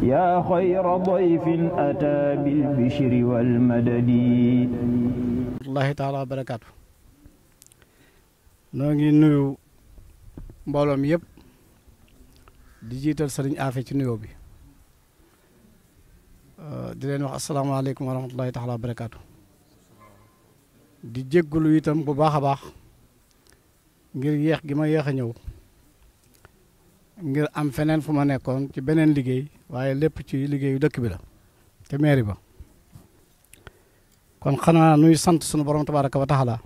yaa xayra dayfin ataa bil bishri wal madadi wallaahi taala wa barakaatu noo ngi nuyu mbooloom yépp di jiital sëriñ Afe ci nuyoo bi euh, di leen wax asalaamaaleykum wa rahmatullahi taala wa barakaatu di jéggulu itam bu baax a baax ngir yéex gi ma yéex a ñëw ngir am feneen fu ma nekkoon ci beneen liggéey waaye lépp ci liggéeyu dëkk bi la te mairie ba kon xanaa nuy sant sunu borom tabaraka wa taala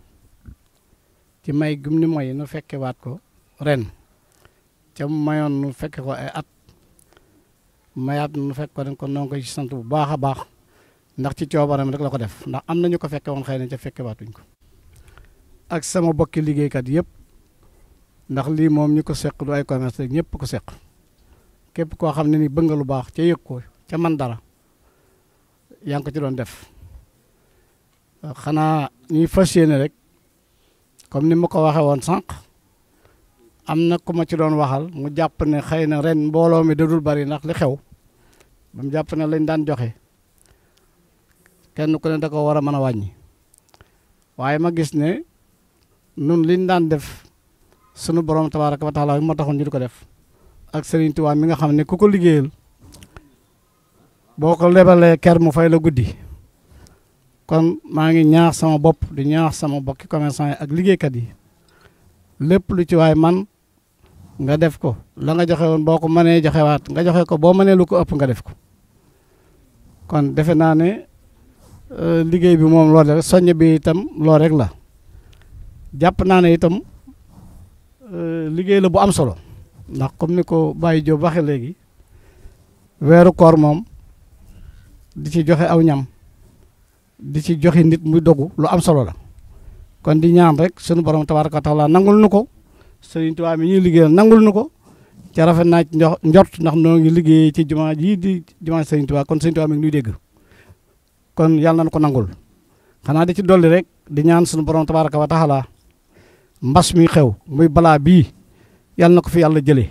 ci may gum ni mooy nu fekke waat ko ren ca mayoon nu fekke ko ay at mayaat nu fekk ko ren kon noo ngi koy sant bu baax a baax ndax ci coobaram rek la ko def ndax am na ñu ko fekke woon xëy na ca fekke waatuñ ko ak sama bokki liggéeykat yépp ndax lii moom ñu ko seq du ay commerce rek ñëpp ko seq képp koo xam ne ni bëgg lu baax ca yëg ko ca man dara yaa ngi ko ci doon def euh, xanaa ñuy fas yéene rek comme ni ma ko waxee woon sànq am na ku ma ci doon waxal mu jàpp ne xëy na ren mbooloo mi dadul bari ndax li xew mu jàpp ne lañ daan joxe kenn ku ne da ko war a mën a wàññi waaye ma gis ne nun liñ daan def sunu borom tabaaraka wa taala bi moo taxoon ñu di ko def ak Serigne Touba mi nga xam ne ku ko liggéeyal boo ko lebalee ker mu fay la guddi kon maa ngi ñaax sama bopp di ñaax sama bokki commerçant yi ak liggéeykat yi lépp lu ci waay man nga def ko la nga joxe woon boo ko mënee joxewaat nga joxe ko boo manee lu ko ëpp nga def ko kon defe naa ne euh, liggéey bi moom loolu rek soññ bi itam loolu rek la jàpp naa ne itam. Euh, liggéey la bu am solo ndax comme ni ko bàyyi Diop waxe léegi weeru koor moom di ci joxe aw ñam di ci joxe nit muy dogu lu am solo la kon di ñaan rek sunu borom tabaaraka taala nangul nu ko Sëriñ Tuubaa mi ñuy liggéeyal nangul nu ko ci rafet naa ci njort ndax noogi liggéey ci jumaa ji di jumaa Sëriñ Tuubaa kon Sëriñ Tuubaa mi ngi nuy dégg kon yàlla nañu ko nangul xanaa di ci dolli rek di ñaan sunu borom tabaaraka wa mbas mi xew muy balaa bii yàlla na ko fi yàlla jëlee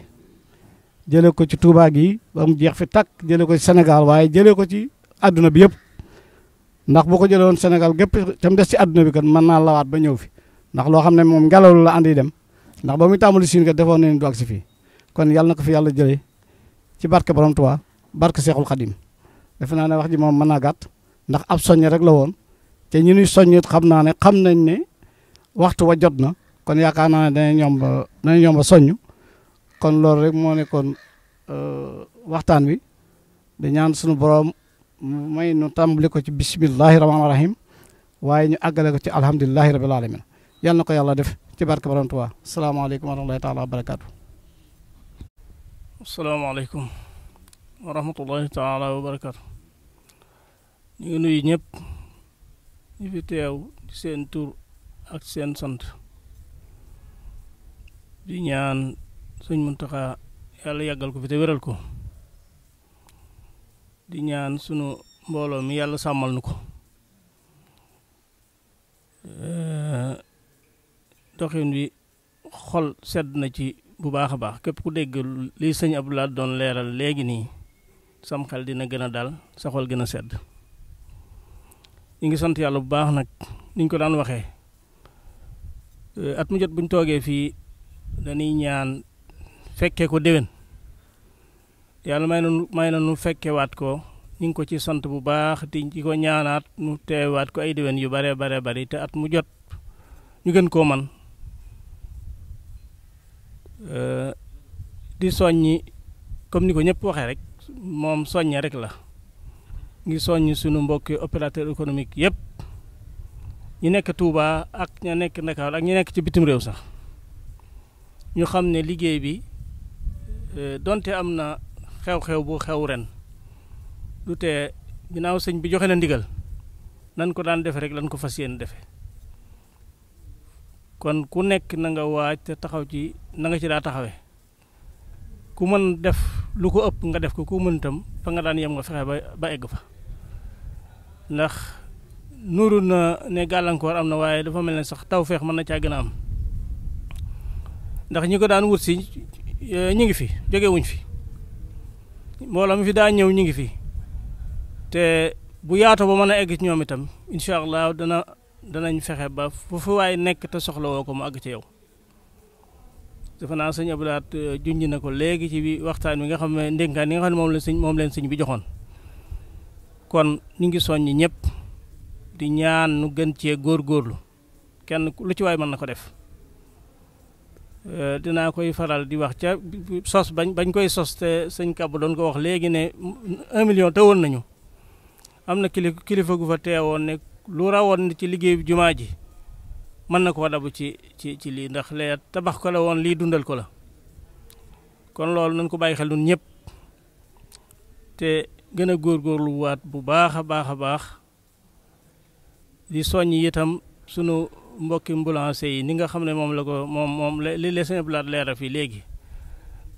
jëlee ko ci Touba gi ba mu jeex fi takk jëlee ko senegal waaye jëlee ko ci àdduna bi yëpp ndax boo ko jëlee woon Sénégal gépp tam des ci àdduna bi kat mën naa lawaat ba ñëw fi ndax loo xam ne moom ngelaw la andi dem ndax ba muy tàmbali siin kat defoon nañu du ak si fii kon yàlla na ko fi yàlla jëlee ci barke Borom Touba barke Seexul Xadim defe naa ne wax ji moom mën naa gàtt ndax ab soñe rek la woon te ñu ñuy soññe xam naa ne xam nañ ne waxtu wa jot na. kon yaakaar naa ne danañ yomb danañ yomb kon loolu rek moo nekkoon euh, waxtaan wi di ñaan suñu borom may nu tàmbali ko ci bismillahi rahmaani rahim waaye ñu àggale ko ci alhamdulilahi rabil alamin yal ko yàlla def ci barke borom Tuubaa salaamaaleykum wa rahmatullahi taala wa barakaatu asalaamaaleykum wa rahmatullahi taala wa barakaatu ñu tur ak seen sant di ñaan suñ Muntaxa yàlla yàggal ko fi te wéral ko di ñaan sunu mbooloo mi yàlla sàmmal nu ko eh, doxin wi xol sedd na ci bu baax a baax képp ku dégg lii sëñ Abdoulaye doon leeral léegi nii sam xel dina gën a dal sa xol gën a sedd ñu ngi sant yàlla bu baax nag niñ ko daan waxee eh, at mu buñ toogee fii dañuy ñaan fekkee ko déwén yàlla may nanu may na nu fekkewaat ko ñu ngi ko ci sant bu baax di ci ko ñaanaat nu teewaat ko ay déwén yu bare bare bari te at mu jot ñu gën koo man di soññi comme ni ko ñëpp waxee rek moom soññe rek la ngi soññ sunu mbokki opérateur économique yëpp ñu nekk Touba ak ña nekk Ndakaaru ak ñu nekk ci bitim réew sax ñu xam ne liggéey bi euh, donte am na xew-xew bu xew ren lu tee ginnaaw sëñ bi joxe na ndigal nan ko daan defe rek lan ko fas yéen defe kon ku nekk nanga nga waaj te taxaw ci na nga ci daa taxawee ku mën def lu ko ëpp nga def ko ku mën itam fa nga daan yem nga fexe ba ba egg fa ndax nuru na ne gàllankoor am na waaye dafa mel ne sax taw feex mën na ca gën a am ndax ñi ko daan wut si eh, ñi ngi fi jógewuñ fi mbooloo mi fi daa ñëw ñi ngi fi te bu yaatoo ba mën a egg ñoom itam incha allah dana danañ fexe ba foofu waaye waay nekk te soxla woo ko mu àgg ci yow. defe naa sëñ Abdoulaat eh, junj na ko léegi ci bi waxtaan wi nga xam ne ndénkaan yi nga xam ne moom la sëñ moom leen sëñ bi joxoon kon ñu ngi soññ ñëpp di ñaan nu gën cee góorlu kenn lu ci waay mën na ko def. Euh, dinaa koy faral di wax ca sos bañ bañ koy sos te sëñ Kàbb doon ko wax léegi ne un million teewoon nañu am na kili kilifa gu fa teewoon ne lu rawoon ci liggéey bi jumaa ji mën na koo dabu ci ci ci lii ndax lee tabax ko la woon lii dundal ko la kon loolu nañ ko bàyyi xel nun ñëpp te gën a góorgóorlu waat bu baax a baax a baax di soññ itam sunu mbokki ambulancier yi ni nga xam ne moom la ko moom moom li les blaat leeral fii léegi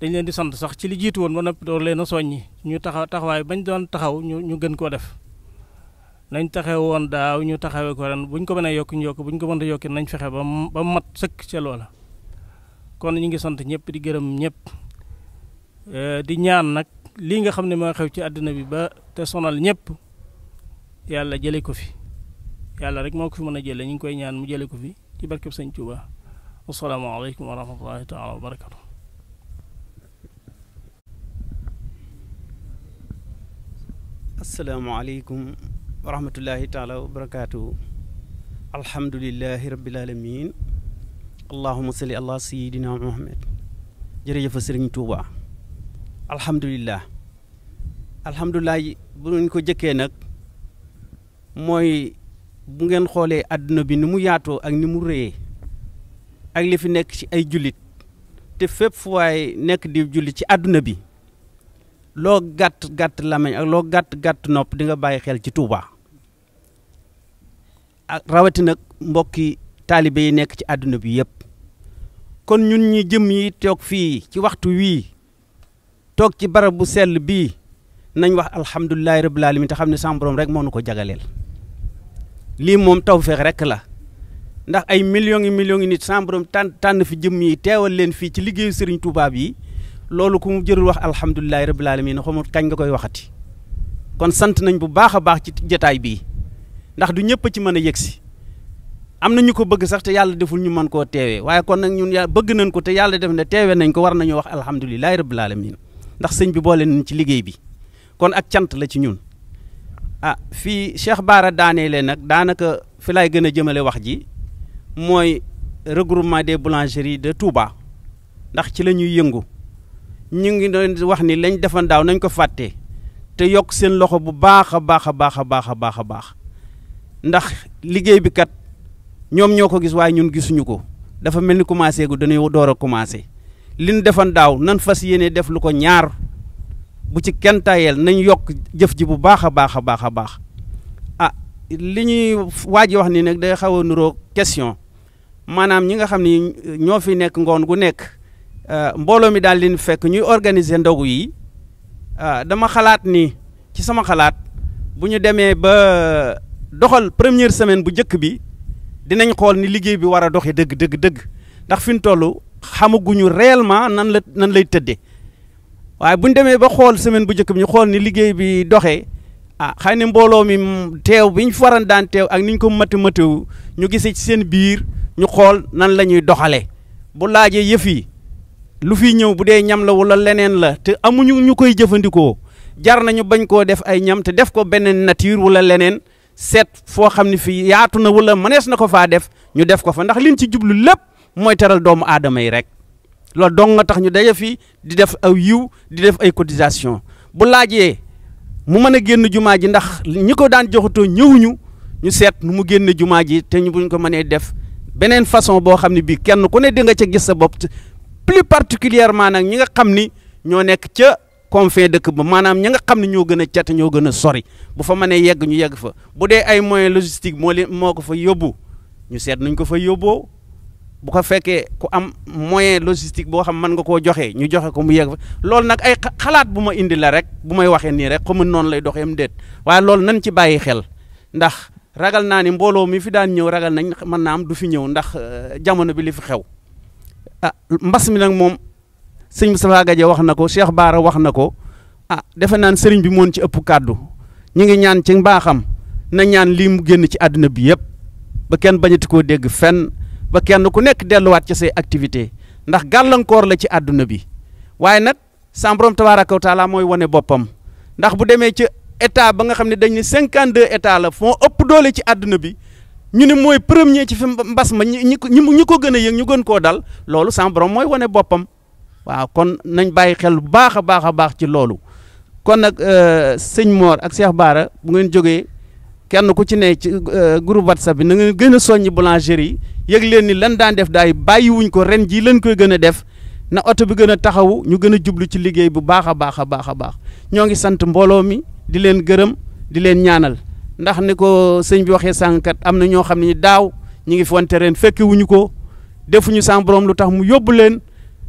dañ leen di sant sax ci li jiitu woon ba noppi door leen a soññi ñu taxaw taxawaay bañ doon taxaw ñu ñu gën koo def nañ taxaw woon daaw ñu taxawee ko ren buñ ko mënee yokk ñu yokk buñ ko mën a yokki nañ fexe ba ba mat sëkk ca loola kon ñu ngi sant ñëpp di gërëm ñëpp euh, di ñaan nag lii nga xam ne moo xew ci àddina bi ba te sonal ñëpp yàlla jële ko fi yàlla rek moo ko fi mën a jële ñu ngi koy ñaan mu jële ko fi ci barkeb sëñ Tuuba asalaamaaleykum wa rahmatullahi taala wa barakatu asalaamaaleykum wa rahmatullahi taala wa barakatuhu alhamdulilahi rabbil alamin allahuma salli ala Tuuba alhamdulilah alhamdulilah bu ñu ko jëkkee nag moy bu ngeen xoolee àdduna bi ni mu yaatoo ak ni mu rëyee ak li fi nekk ci ay jullit te fépp fu waay nekk di jullit ci àdduna bi loo gàtt gàtt lamañ ak loo gàtt gàtt nopp di nga bàyyi xel ci Touba ak rawatina mbokki taalibe yi nekk ci àdduna bi yëpp kon ñun ñi jëm yi toog fii ci waxtu wii toog ci barab bu sell bii nañ wax alhamdulilahi rabbil alamin te xam ne sam borom rek moo nu ko jagaleel lii moom tawfeex rek la ndax ay million yi millions yi nit sans tànn fi jëm yi teewal leen fii ci liggéeyu sëriñ Touba yi loolu ku mu jërul wax alhamdulilahi rabil alamin xamul kañ nga koy waxati kon sant nañ bu baax a baax ci jataay bi ndax du ñëpp ci mën a yëg si am nañu ko bëgg sax te yàlla deful ñu mën koo teewee waaye kon nag ñun yàlla bëgg nañ ko te yàlla def ne teewee nañ ko war nañoo wax alhamdulilahi rabil alamin ndax sëñ bi boole nañ ci liggéey bi kon ak cant la ci ñun a ah, fii Cheikh Baara daaneele nag daanaka fi laay gën a jëmale wax ji mooy regroupement des boulangeries de Touba ndax ci la ñuy yëngu ñu ngi doon wax ni lañ defan daaw nañ ko fàtte te yokk seen loxo bu baax a baax a baax a baax a baax a baax ndax liggéey bi kat ñoom ñoo ko gis waaye ñun gisuñu ko dafa mel ni commencé gu dañuy door a commencé li ñu defan daaw nan fas yéene def lu ko ñaar. bu ci kenn tayel nañ yokk jëf ji bu baax a baax a baax a baax ah li ñuy waaj wax nii nag day xaw a nuroo question maanaam ñi nga xam ni ñoo fi nekk ngoon gu nekk ah, mbooloo mi daal di fekk ñuy organiser ndogu yi ah, dama xalaat ni ci sama xalaat bu ñu demee ba doxal première semaine bu njëkk bi dinañ xool ni liggéey bi war a doxee dëgg dëgg ndax fi mu toll xamaguñu réellement nan la nan lay tëddee. waaye bu ñu demee ba xool semaine bu njëkk bi ñu xool ni liggéey bi doxee ah xëy na mbooloo mi teew bi ñu faran daan teew ak ni ko mati matiw ñu gisee ci seen biir ñu xool nan la ñuy doxalee bu laajee yëf lu fi ñëw bu dee ñam la wala leneen la te amuñu ñu koy jëfandikoo jar nañu bañ koo def ay ñam te def ko beneen nature wala leneen seet foo xam ne fii yaatu na wala mënees na ko faa def ñu def ko fa ndax liñ ci jublu lépp mooy teral doomu aadama yi rek. loolu dong nga tax ñu daje fii di def aw yiw di def ay cotisation bu laajee mu mën a génn jumaa ji ndax ñu ko daan joxatoo ñëwuñu ñu seet nu mu génn jumaa ji te ñu buñ ko mënee def beneen façon boo xam ne bii kenn ku ne di nga ca gis sa bopp plus particulièrement nag ñi nga xam ni ñoo nekk ca confin dëkk ba maanaam ñi nga xam ne ñoo gën a cet ñoo gën a sori bu fa mënee yegg ñu yegg fa bu dee ay moyen logistiques moo leen moo ko fa yóbbu ñu seet nuñ ko fa yóbboo bu ko fekkee ku am moyen logistique boo xam mën nga koo joxe ñu joxe ko mu yegg fa loolu nag ay xalaat bu ma indi la rek bu may waxee nii rek xamu noonu lay mu déet waaye loolu nañ ci bàyyi xel ndax ragal naa ni mbooloo mi fi daan ñëw ragal nañ mën naa am du fi ñëw ndax euh, jamono bi li fi xew ah mbas mi nag moom sëñ Moustapha Gaje wax na ko Cheikh Baara wax na ko ah defe naan sëriñ bi moon ci ëpp kàddu ñu ngi ñaan ci mbaaxam na ñaan lii mu génn ci àdduna bi yëpp ba kenn bañati koo dégg fenn ba kenn ku nekk delluwaat ci say activité ndax gàllankoor la ci àdduna bi waaye nag sam borom tabaaraka wa mooy wane boppam ndax bu demee ci état ba nga xam ne dañ ne 52 état la foo ëpp doole ci àdduna bi ñu ne mooy premier ci fi mbas ma ñi ko ñi ko gën a yëg ñu gën koo dal loolu sam mooy wane boppam waaw kon nañ bàyyi xel bu baax a baax a baax ci loolu kon nag euh, sëñ Mor ak Cheikh Baara bu ngeen jógee. kenn ku ci ne ci euh, groupe whatsapp bi na nga gën a soññi boulangerie yi yëg leen ni lan daan def daay bàyyiwuñ ko ren jii lañ ko gën a def na oto bi gën a taxawu ñu gën a jublu ci liggéey bu baax a baax a baax a baax ñoo ngi sant mbooloo mi di leen gërëm di leen ñaanal ndax ni ko sëñ bi waxee sànqkat am na ñoo xam ne daaw ñu ngi fonte ren fekki wuñu ko defuñu sans borom lu tax mu yóbbu leen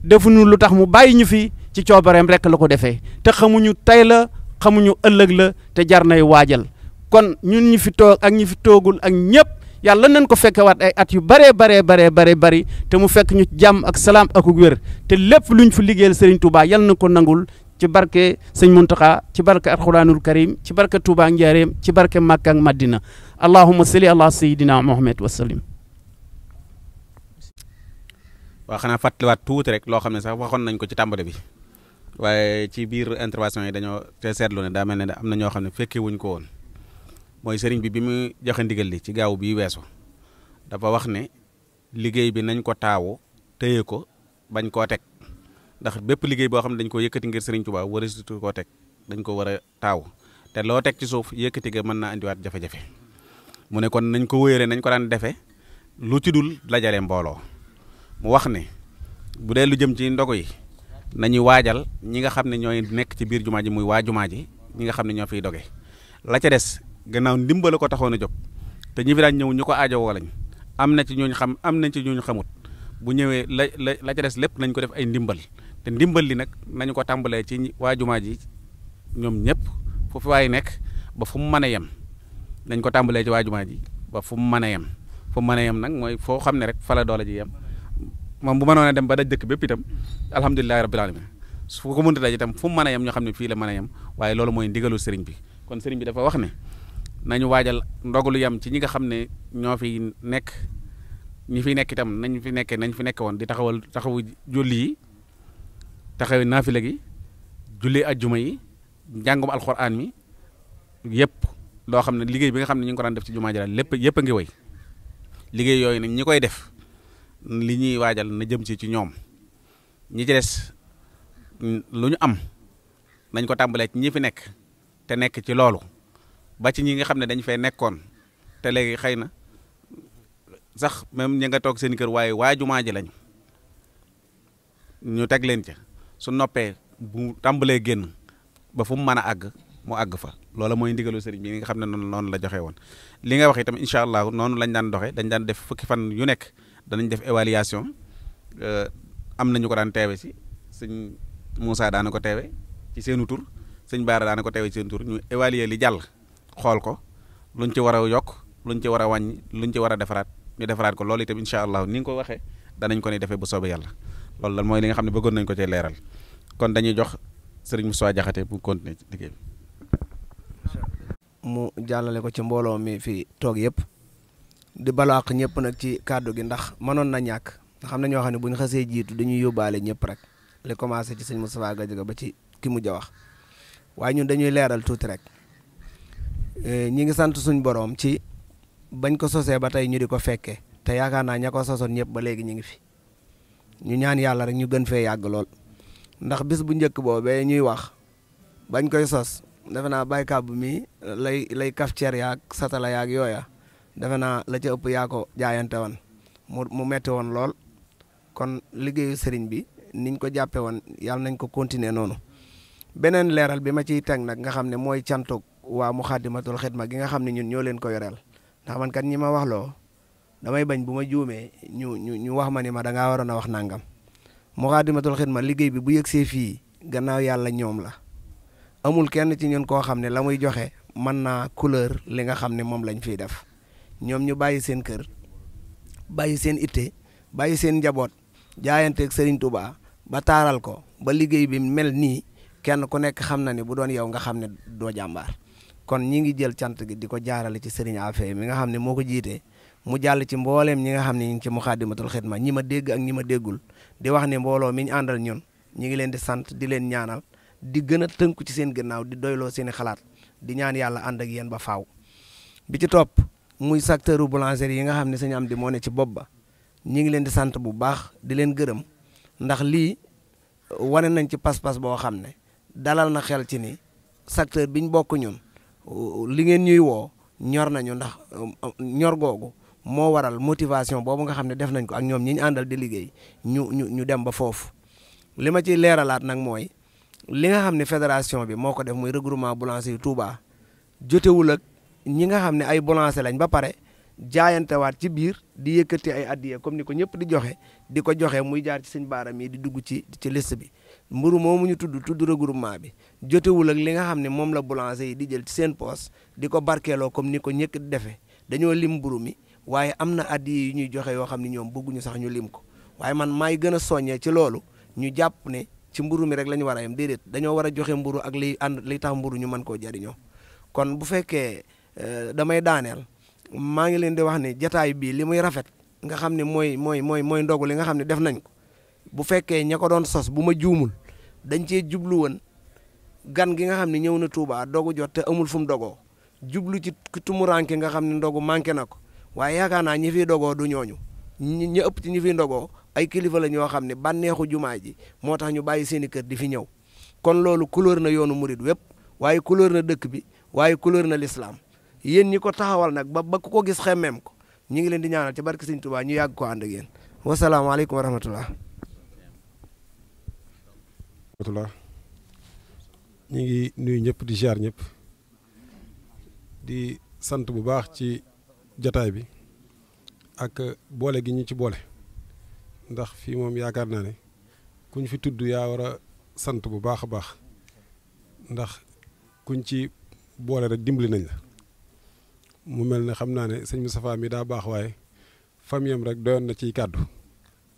defuñu lu tax mu bàyyi ñu fi ci coobareem rek la ko defee te xamuñu tey la xamuñu ëllëg la te jar nay waajal kon ñun ñu fi toog ak ñi fi toogul ak ñëpp yàlla nañ ko fekkewaat ay at yu baree bare baree bare bari te mu fekk ñu jàmm ak salaam ak wér te lépp luñ fi liggéeyal Serigne Touba yàlla na ko nangul ci barke sëñ Muntaxa ci barke alquranul karim ci barke Touba Njaareem ci barke Makka ak Madina allahumma salli ala sayyidina Muhammad wa sallim waaw xanaa fàttaliwaat tuuti rek loo xam ne sax waxoon nañ ko ci tàmbali bi waaye ci biir intervention yi dañoo te seetlu ne daa mel ne am na ñoo xam ne fekkee wuñ ko woon. mooy sëriñ bi bi mu joxe ndigal li ci gaaw bi weesu dafa wax ne liggéey bi nañ ko taawu téye ko bañ koo teg ndax bépp liggéey boo xam ne dañ ko yëkkati ngir sëriñ Tuubaa war a koo teg dañ ko war a taawu te loo teg ci suuf yëkkati ga mën naa indiwaat jafe-jafe mu ne kon nañ ko wóyaree nañ ko daan defee lu ci dul dajale mbooloo mu wax ne bu dee lu jëm ci ndogu yi nañu waajal ñi nga xam ne ñooy nekk ci biir jumaa ji muy waa jumaa ji ñi nga xam ne ñoo fiy doge la ca des gannaaw ndimbala ko taxoon a jog te ñi fi daan ñëw ñu ko aajowoo lañ am na ci ñooñu xam am nañ ci ñooñu xamut bu ñëwee la la la ca des lépp nañ ko def ay ndimbal te ndimbal li nag nañu ko tàmbalee ci waa jumaa ji ñoom ñëpp foofu waaye nekk ba fu mu mën a yem nañ ko tàmbalee ci waa ji ba fu mu mën a yem fu mu mën a yem nag mooy foo xam ne rek fa doole ji yem moom bu mënoon a dem ba daj dëkk bépp itam alhamdulilahi rabbil alamin su ko mënta daj itam fu mu mën a yem ñoo xam ne fii la mën a yem waaye loolu mooy ndigalu sëriñ bi kon sëriñ bi dafa wax ne nañu waajal ndogalu yam ci ñi nga xam ne ñoo fi nekk ñi fi nekk itam nañ fi nekkee nañ fi nekk woon di taxawal taxawu julli yi taxawu naafila gi julli ajjuma yi njàngum alxuraan mi yëpp loo xam ne liggéey bi nga xam ne ñu ngi daan def ci jumaa ji lépp yëpp ngi woy liggéey yooyu nag ñi koy def li ñuy waajal na jëm ci ci ñoom ñi ci des lu ñu am nañ ko tàmbalee ci ñi fi nekk te nekk ci loolu ba ñi nga xam ne dañ fay nekkoon te léegi xëy na sax même ñi nga toog seen kër waaye waaju jumaa ji lañu ñu teg leen ca su noppee bu tàmbalee génn ba fu mu mën a àgg mu àgg fa loola mooy ndigalu sëriñ bi nga xam ne noonu noonu la joxe woon. li nga wax itam incha noonu lañ daan doxee dañ daan def fukki fan yu nekk danañ def évaluation euh, am na ñu ko daan teewe si sëñ Moussa daana ko teewe ci seenu tur sëñ Baara daana ko teewe ci seen tur ñu évaluer li jàll. xool ko luñ ci war a yokk luñ ci war a wàññi luñ ci war a defaraat ñu defaraat ko loolu itam incha allah ni nga ko waxee danañ ko ni defee bu soobee yàlla loolu lan mooy li nga xam ne bëggoon nañ ko cee leeral kon dañuy jox Serigne Moussa Diakhaté bu continuer liggéey bi mu jàllale ko ci mbooloo mi fi toog yëpp di balaax ñëpp nag ci kàddu gi ndax mënoon na ñàkk nga xam ne ñoo xam ne bu ñu xasee jiitu dañuy yóbbaale ñëpp rek li commencé ci sëñ Moustapha Gadiaga ba ci ki mujj a wax waaye ñun dañuy leeral tuuti rek Eh, ñi ngi sant suñ boroom ci bañ ko sosee ba tey ñu di ko fekkee te yaakaar naa ña ko sosoon ñëpp ba léegi ñu ngi fi ñu ñaan yàlla rek ñu gën fee yàgg lool ndax bis bu njëkk boobee ñuy wax bañ koy sos defe naa baykat bu mi lay lay kaf ceer yaag satala yaag yooya defe naa la ca ëpp yaa ko jaayante woon mu mu metti woon lool kon liggéeyu sëriñ bi niñ ko jàppe woon yàlla nañ ko continuer noonu beneen leeral bi ma ciy teg nag nga xam ne mooy cantuk waa Muxaddamatul ma gi nga xam ne ñun ñoo leen ko yoreel ndax man kat ñi ma wax loo damay bañ bu ma juumee ñu ñu ñu wax ma ni ma da ngaa waroon a wax nangam ma Muxaddamatul ma liggéey bi bu yëgsee fii gannaaw yàlla ñoom la amul kenn ci ñun koo xam ne la muy joxe mën naa couleur li nga xam ne moom lañ fiy def ñoom ñu bàyyi seen kër bàyyi seen itte bàyyi seen njaboot jaayanteeg sëriñ Touba ba taaral ko ba liggéey bi mel nii kenn ku nekk xam na ni bu doon yow nga xam ne doo jàmbaar. kon ñi ngi jël cant gi di ko jaarale ci Serigne Afé mi nga xam ne moo ko jiitee mu jàll ci mbooleem ñi nga xam ne ñi ngi ci Muxaddamatul Xidma ñi ma dégg ak ñi ma déggul di wax ne mbooloo mi ñu àndal ñun ñi ngi leen di sant di leen ñaanal di gën a tënku ci seen ginnaaw di doyloo seen i xalaat di ñaan yàlla ànd ak yéen ba faw bi ci topp muy secteur boulangerie yi nga xam ne suñu am di moo ci bopp ba ñi ngi leen di sant bu baax di leen gërëm ndax lii wane nañ ci pas-pas boo xam ne dalal na xel ci ni secteur biñ bokk ñun li ngeen ñuy woo ñor nañu ndax euh, ñor googu moo waral motivation boobu nga xam ne def nañ ko ak ñoom ñi ñu àndal di liggéey ñu ñu ñu dem ba foofu. li ma ciy leeralaat nag mooy li nga xam ne fédération bi moo ko def muy regroupement boulanger yu Touba jotewul ak ñi nga xam ne ay boulanger lañ ba pare. jaayantewaat ci biir di yëkkati ay addiya comme ni ko ñëpp di joxe di ko joxe muy jaar ci sëñ baara mii di dugg ci ci liste bi mburu moomu ñu tudd tudd regroupement bi jotewul ak li nga xam ne moom la boulanger yi di jël ci seen poos di ko barkeeloo comme ni ko ñëkk di defee dañoo lim mburu mi waaye am na addiya yu ñuy joxe yoo xam ni ñoom bëgguñu sax ñu lim ko waaye man maay gën a soññee ci loolu ñu jàpp ne ci mburu mi rek la ñu war a yem dañoo war a joxe mburu ak liy ànd li tax mburu ñu mën koo jariñoo kon bu fekkee euh, damay daaneel maa ngi leen di wax ne jataay bii li muy rafet nga xam ne mooy mooy mooy mooy ndogu li nga xam ne def nañ ko bu fekkee ña ko doon sos bu ma juumul dañ cee jublu woon gan gi nga xam ne ñëw na Touba dogu jot te amul fu mu dogoo jublu ci tumuraanke nga xam ne ndogu manqué na ko waaye yaakaar naa ñi fiy dogoo du ñooñu ñi ëpp ci ñi fiy ndogoo ay kilifa la ñoo xam ne bànneexu jumaa ji moo tax ñu bàyyi seen i kër di fi ñëw kon loolu couleur na yoonu murit wépp waaye couleur na dëkk bi waaye couleur na lislaam yéen ñi ko taxawal nag ba ba ku ko gis xemmeem ko ñu ngi leen di ñaanal ci barke Sëñ Touba ñu yàgg ko ànd ak yéen wasalaamaaleykum wa rahmatullah rahmatullah ñu ngi nuyu ñëpp di ziar ñëpp di sant bu baax ci jataay bi ak boole gi ñu ci boole ndax fii moom yaakaar naa ne kuñ fi tudd yaa war a sant bu baax a baax ndax kuñ ci boole rek dimbali nañ la mu mel ne xam naa ne sëñ mu safaa mi daa baax waaye famiyam rek doyoon na ciy kàddu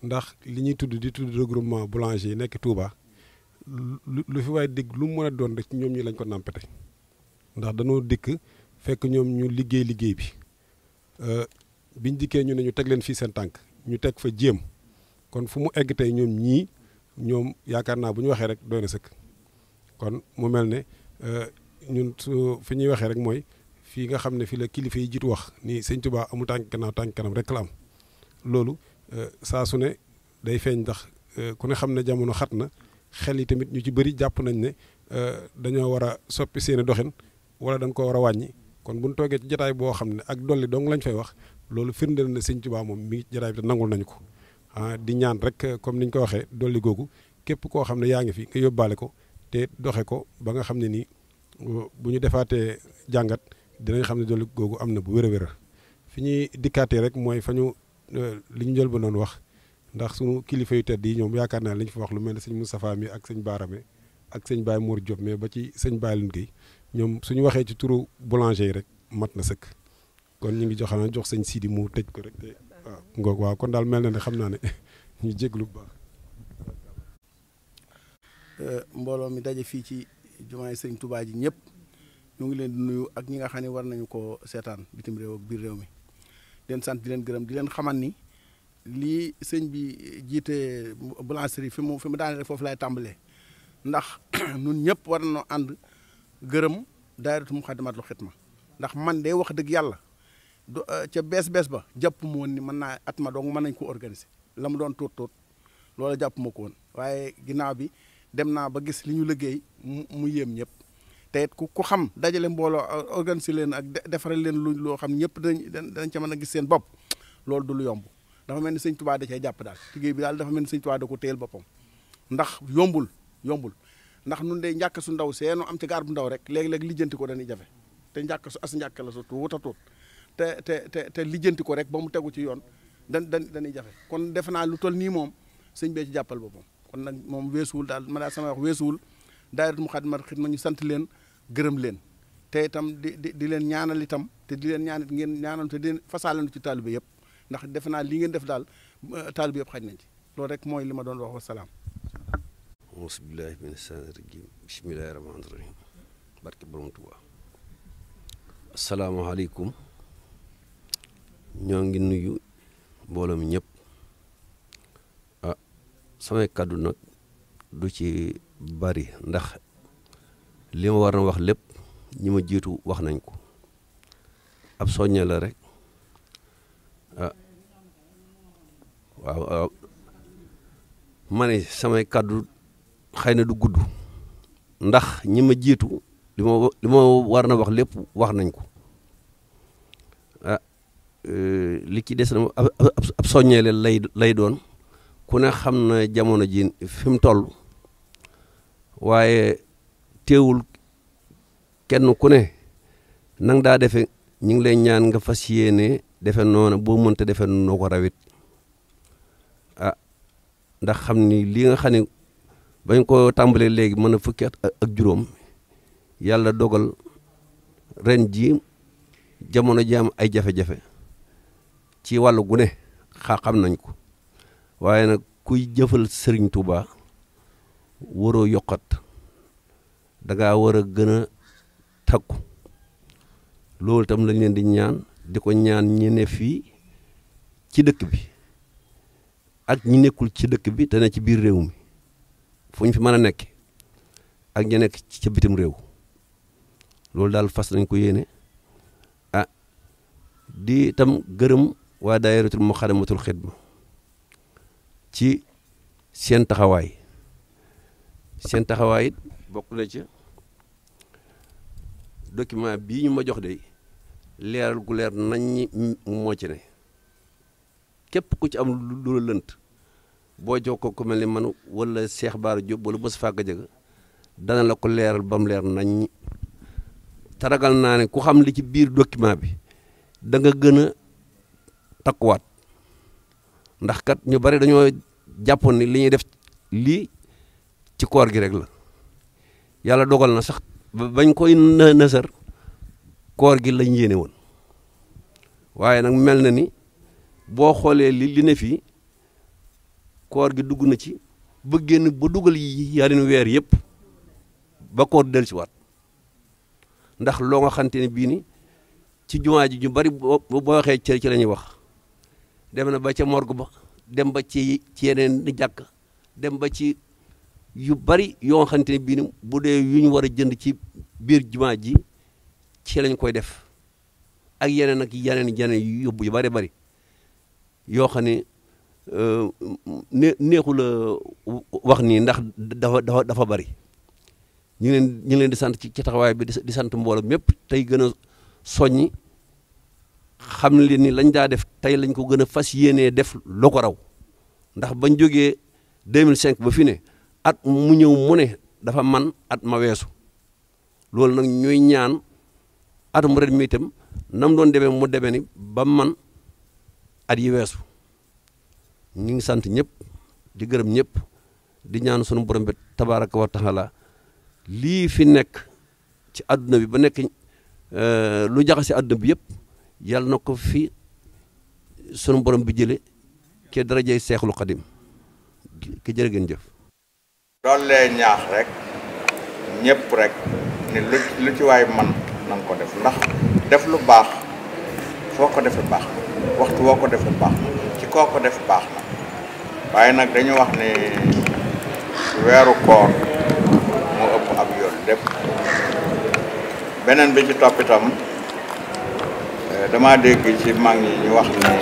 ndax li ñuy tudd di tudd regroupement boulanger yi nekk Touba. lu fi waaye dégg lu mu mën a doon rek ñoom ñi lañ ko nàmpate ndax dañoo dikk fekk ñoom ñu liggéey liggéey bi euh, biñ dikkee ñu ne ñu teg leen fii seen tànk ñu teg fa jéem kon fu mu egg tey ñoom ñii ñoom yaakaar naa bu ñu waxee rek doy na sëkk kon mu mel ne euh, ñun su fu ñuy waxee rek mooy fii nga xam ne fi la kilifa yi jiitu wax nii sëñ Tuubaa amul tànk gannaaw tànk kanam rek la am loolu euh, saa su ne day feeñ ndax ku ne xam ne jamono xat na xel yi tamit ñu ci bëri jàpp nañ ne euh, dañoo war a soppi seen i doxin wala dañ ko war a wàññi kon bu ñu toogee ci jotaay boo xam ne ak dolli dong lañ fay wax loolu firndeel na Sëñ Tuubaa moom mi ngi ci bi te nangul nañu ko ah di ñaan rek euh, comme ni ñu ko waxee dolli googu képp koo xam ne yaa ngi fi nga yóbbaale ko te doxe ko ba nga xam ne nii euh, bu ñu defaatee jàngat dinañ xam ne dolli googu am na bu wér a wér fi ñuy dikkaatee rek mooy fa ñu li ñu jël ba noonu wax. ndax sunu kilifa yu tedd yi ñoom yaakaar naa li ñu wax lu mel ne sëñ Moustapha mi ak baara Baarame ak sëñ Baye Mour Diop mais ba ci sëñ Baye Linguèye ñoom suñu waxee ci turu boulanger yi rek mat na sëkk kon ñu ngi jox joxana jox sañ Sidi mu tëj ko rek te waaw kon daal mel na ne xam naa ne ñu jéglu bu baax. Euh, mbooloo mi daje fii ci jumaay sëñ Touba ji ñëpp ñu ngi leen di nuyu ak ñi nga xam ni war nañu ko seetaan bitim réew ak biir réew mi leen sant di leen gërëm di leen xaman ni. lii sëñ bi jiite boulangerie fi mu fi mu daanee foofu lay tàmbalee ndax nun ñëpp war nañoo ànd gërëm daayiratu Muxaddamatul ma ndax man de wax dëgg yàlla du euh, ca bees bees ba jàpp ma ni mën naa at ma dong mën nañ ko organiser la mu doon tuut tuut loola jàpp ma ko woon waaye ginnaaw bi dem naa ba gis li ñu liggéey mu yéem ñëpp te it ku ku xam dajale mbooloo organiser leen ak defaral leen lu loo xam ñëpp dañ dañ ca mën a gis seen bopp loolu du lu yomb dafa mel ni sëñ tubaa da cee jàpp daal liggéey daal dafa mel ni sëñ tubaa da ko téyel boppam ndax yombul yombul ndax nun day njàkk su ndaw seenu am ci gaar bu ndaw rek léegi-léegi lijjanti ko dañuy jafe te njàkk su as njàkk la su tuut te te te te lijjanti ko rek ba mu tegu ci yoon dan dan dañuy jafe kon defe naa lu toll nii moom sëñ bee ci jàppal boppam kon nag moom weesuwul daal man daal sama wax weesuwul daayiratu Muxaddamatul ma ñu sant leen gërëm leen te itam di di di leen ñaanal itam te di leen ñaanit ngeen ñaanal te di fasaalanu ci taalibe yëpp ndax defe naa li ngeen def daal euh, taal bi yëpp xaj nañ ci loolu rek mooy li ma doon wax wa salaam. auzu billaahi mina shaytaani ñoo ngi nuyu mbooloo mi ñëpp ah, samay kàddu nag du ci bari ndax lima ma war wax lépp ñi ma jiitu wax nañ ko ab soññe la rek waaw waaw samay kàddu xëy na du gudd ndax ñi ma jiitu li ma li war na wax lépp wax nañ ko ah euh, li ci des na ab soññeele lay lay doon ku ne xam na jamono ji fi mu toll waaye teewul kenn ku ne nang daa defe ñu ngi lay ñaan nga fas yéene defe noona boo mënta defe noo ko rawit ndax xam ni lii nga xam ne bañ ko tàmbalee léegi mën a fukki ak juróom yàlla dogal ren ji jamono ji am ay jafe-jafe ci wàllu gu ne xam nañ ko waaye nag kuy jëfal sëriñ Touba waroo yokkat da ngaa war a gën a takku loolu tam lañ leen di ñaan di ko ñaan ñi fii ci dëkk bi ak ñi nekkul ci dëkk bi tana ne ci biir réew mi fu ñu fi mën a nekk ak ña nekk ci ca bitim réew loolu daal fas nañ ko yéene ah di itam gërëm waa daayiratul muxadamatul xidma ci seen taxawaay seen taxawaay it bokk na ci document bii ñu ma jox de leeral gu leer nañ ñi moo ci ne képp ku ci am lu lënt boo jokkoo ko mel ni man wala Cheikh Bara Diop wala Moussa Faka Diaga dana la ko leeral ba mu leer nañ te ragal naa ne ku xam li ci biir document bi danga nga gën a takkuwaat ndax kat ñu bari dañoo jàppoon ni li ñuy def lii ci koor gi rek la yàlla dogal na sax ba bañ koy nësër koor gi lañ yéene woon waaye nag mel na ni boo xoolee li li ne fii koor gi dugg na ci ba génn bu dugal yi weer yëpp ba koor del si waat ndax loo nga xamante ne bii ni ci jumaa ji ñu bari boo waxee ci ci la ñuy wax dem na ba ca morgue ba dem ba ci ci yeneen di jàkk dem ba ci yu bari yoo xamante ne bii ni bu dee yu war a jënd ci biir jumaa ji ci lañ koy def ak yeneen ak yeneen yeneen yu bari bari yoo xam Euh, ne neexul wax nii ndax dafa dafa dafa bari ñu leen ñu leen di sant ci taxawaay bi di sant mboola mépp tey gën a soññi xam leen ni lañ daa def tey lañ ko gën a fas yéenee def loo ko raw ndax bañ jógee 2005 ba fine at mu ñëw mu ne dafa man at ma weesu loolu nag ñuy ñaan atum ren mi itam nam doon demee mu demee ni ba man at yi weesu ñu ngi sant ñépp di gërëm ñépp di ñaan sunu borom bi tabaaraka wa taala lii fi nekk ci àdduna bi ba nekk eh, lu jaxase àdduna bi yépp yàlla na ko fi sunu borom bi jële ke darajay seexlu xadim ki jërë ngeen jëf doon lee ñaax rek ñépp rek ne lu lu ci waay man nanga ko def ndax def lu baax foo ko defee baax waxtu woo ko defee baax koo ko def baax na waaye nag dañu wax ni weeru koor moo ëpp ab yoon lépp beneen bi ci topp eh, dama dégg ci mag ñi ñu wax ne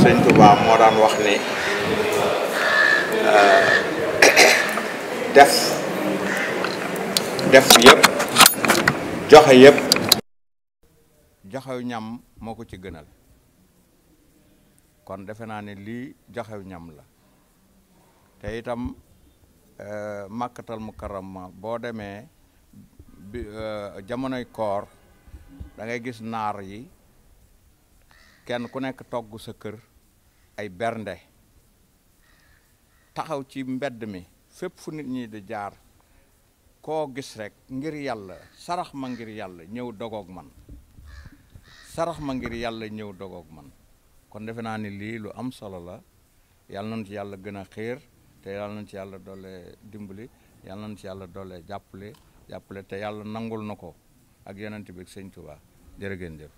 sëñ Tuubaa moo daan wax ni eh, def def yëpp joxe yëpp joxe ñam moo ko ci gënal kon defe naa ne lii joxew ñam la te itam euh, màkkatal mu karama boo demee euh, jamonoy koor dangay gis naar yi kenn ku nekk togg sa kër ay bernde taxaw ci mbedd mi fépp fu nit ñi di jaar koo gis rekk ngir yàlla sarax ma ngir yàlla ñëw dogoog man sarax ma ngir yàlla ñëw dogoog man kon defe naa ni lii lu am solo la yàlla nañu ci yàlla gën a xiir te yàlla nañu ci yàlla dole dimbali yàlla nañu ci yàlla dole jàppale jàppale te yàlla nangul na ko ak yonent bi ak sëñ Tuubaa jërë jëf